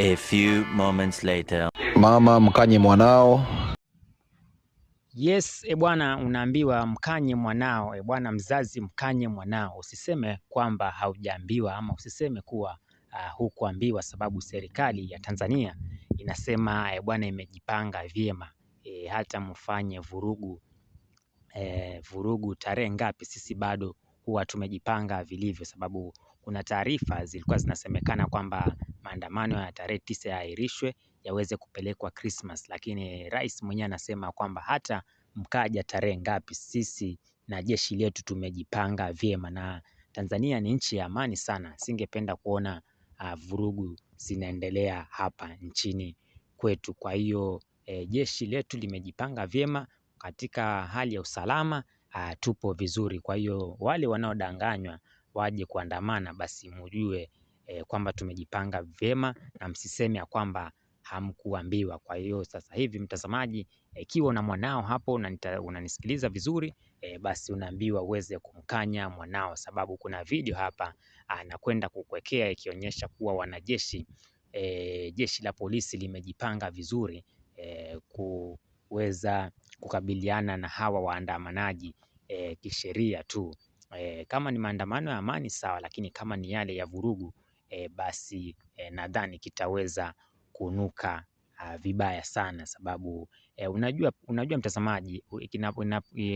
A few moments later. Mama mkanye mwanao. Yes, e bwana, unaambiwa mkanye mwanao. E bwana, mzazi mkanye mwanao, usiseme kwamba haujaambiwa ama usiseme kuwa uh, hukuambiwa, sababu serikali ya Tanzania inasema e bwana, imejipanga vyema e, hata mfanye vurugu e, vurugu tarehe ngapi, sisi bado huwa tumejipanga vilivyo, sababu kuna taarifa zilikuwa zinasemekana kwamba maandamano ya tarehe tisa yaahirishwe yaweze kupelekwa Christmas, lakini rais mwenyewe anasema kwamba hata mkaja tarehe ngapi, sisi na jeshi letu tumejipanga vyema, na Tanzania ni nchi ya amani sana, singependa kuona uh, vurugu zinaendelea hapa nchini kwetu. Kwa hiyo e, jeshi letu limejipanga vyema katika hali ya usalama uh, tupo vizuri. Kwa hiyo wale wanaodanganywa waje kuandamana, basi mujue Eh, kwamba tumejipanga vyema na msiseme ya kwamba hamkuambiwa. Kwa hiyo sasa hivi mtazamaji, ikiwa na mwanao hapo na unanisikiliza vizuri e, basi unaambiwa uweze kumkanya mwanao, sababu kuna video hapa anakwenda ah, kukuwekea ikionyesha kuwa wanajeshi e, jeshi la polisi limejipanga vizuri e, kuweza kukabiliana na hawa waandamanaji e, kisheria tu e, kama ni maandamano ya amani sawa, lakini kama ni yale ya vurugu E, basi e, nadhani kitaweza kunuka vibaya sana sababu e, unajua unajua mtazamaji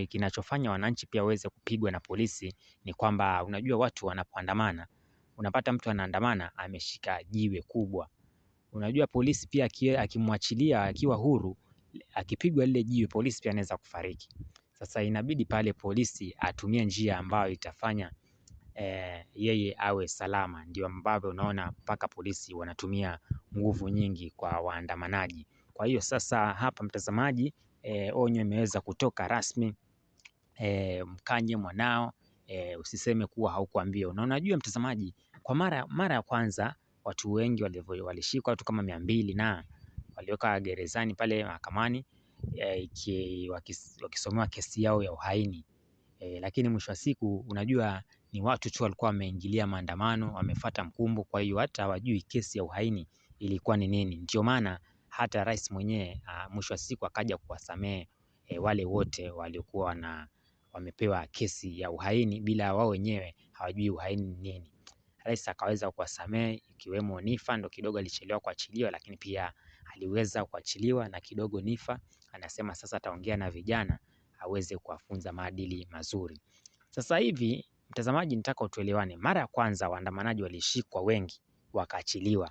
kinachofanya wananchi pia waweze kupigwa na polisi ni kwamba unajua watu wanapoandamana unapata mtu anaandamana ameshika jiwe kubwa. Unajua polisi pia akimwachilia akiwa huru akipigwa lile jiwe polisi pia anaweza kufariki. Sasa inabidi pale polisi atumie njia ambayo itafanya eh, yeye awe salama. Ndio ambavyo unaona mpaka polisi wanatumia nguvu nyingi kwa waandamanaji. Kwa hiyo sasa, hapa mtazamaji, eh, onyo imeweza kutoka rasmi eh, mkanye mwanao eh, usiseme kuwa haukuambia. Na unajua mtazamaji, kwa mara mara ya kwanza watu wengi walishikwa watu kama mia mbili na waliweka gerezani pale mahakamani e, wakisomewa kesi yao ya uhaini e, lakini mwisho wa siku unajua ni watu tu walikuwa wameingilia maandamano, wamefata mkumbo, kwa hiyo hata hawajui kesi ya uhaini ilikuwa ni nini. Ndio maana hata rais mwenyewe ah, mwisho wa siku akaja kuwasamehe eh, wale wote waliokuwa na wamepewa kesi ya uhaini bila wao wenyewe hawajui uhaini ni nini. Rais akaweza kuwasamehe ikiwemo Nifa ndo kidogo alichelewa kuachiliwa, lakini pia aliweza kuachiliwa na kidogo Nifa anasema sasa ataongea na vijana aweze kuwafunza maadili mazuri. Sasa hivi Mtazamaji nitaka utuelewane. mara ya kwanza waandamanaji walishikwa wengi wakaachiliwa.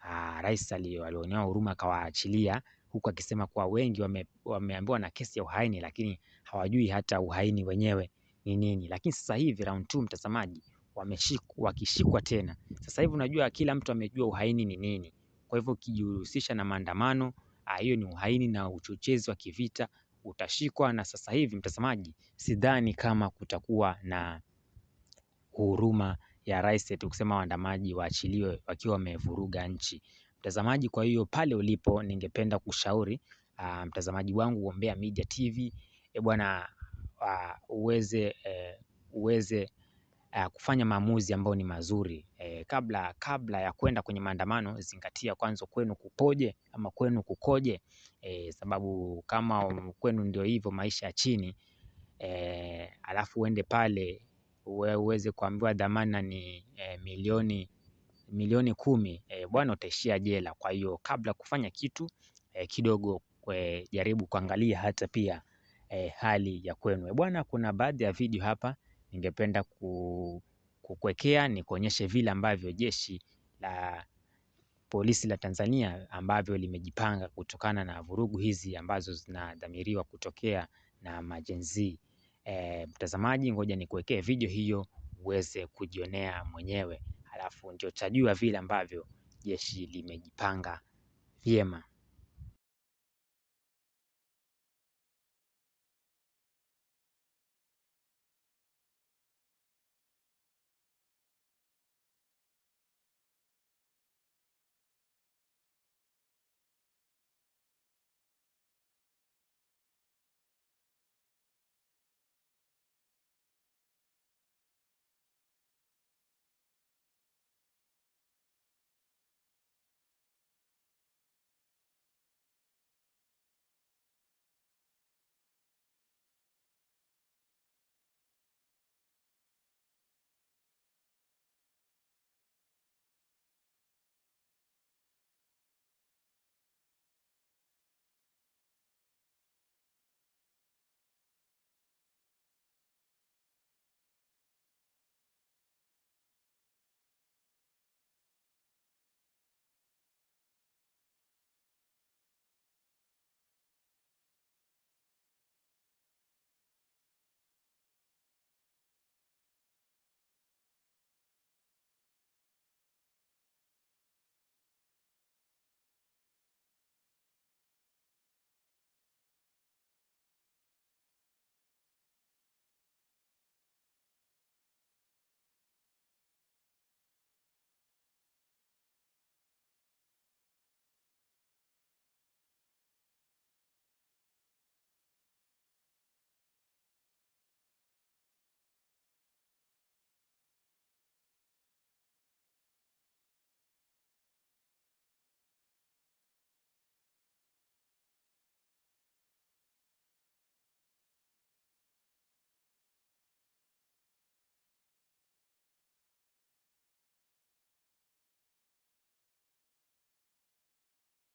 Ah, Rais alionea huruma akawaachilia huku akisema kuwa wengi wameambiwa wame, na kesi ya uhaini lakini hawajui hata uhaini wenyewe ni nini. Lakini sasa hivi round 2 mtazamaji wameshikwa wakishikwa tena. Sasa hivi unajua kila mtu amejua uhaini ni nini. Kwa hivyo ukijihusisha na maandamano, ah, hiyo ni uhaini na uchochezi wa kivita utashikwa na sasa hivi mtazamaji sidhani kama kutakuwa na huruma ya rais eti kusema waandamaji waachiliwe wakiwa wamevuruga nchi. Mtazamaji kwa hiyo pale ulipo ningependa kushauri ah, mtazamaji wangu Umbea Media TV e bwana ah, uweze e, uweze ah, kufanya maamuzi ambayo ni mazuri e, kabla kabla ya kwenda kwenye maandamano zingatia kwanza kwenu kupoje ama kwenu kukoje e, sababu kama kwenu ndio hivyo maisha ya chini alafu uende pale uweze kuambiwa dhamana ni e, milioni milioni kumi e, bwana utaishia jela kwa hiyo kabla kufanya kitu e, kidogo jaribu kuangalia hata pia hali ya kwenu. Bwana kuna baadhi ya video hapa ningependa kukuwekea ni kuonyeshe vile ambavyo jeshi la polisi la Tanzania ambavyo limejipanga kutokana na vurugu hizi ambazo zinadhamiriwa kutokea na majenzi e, mtazamaji ngoja nikuwekee video hiyo uweze kujionea mwenyewe, halafu ndio utajua vile ambavyo jeshi limejipanga vyema.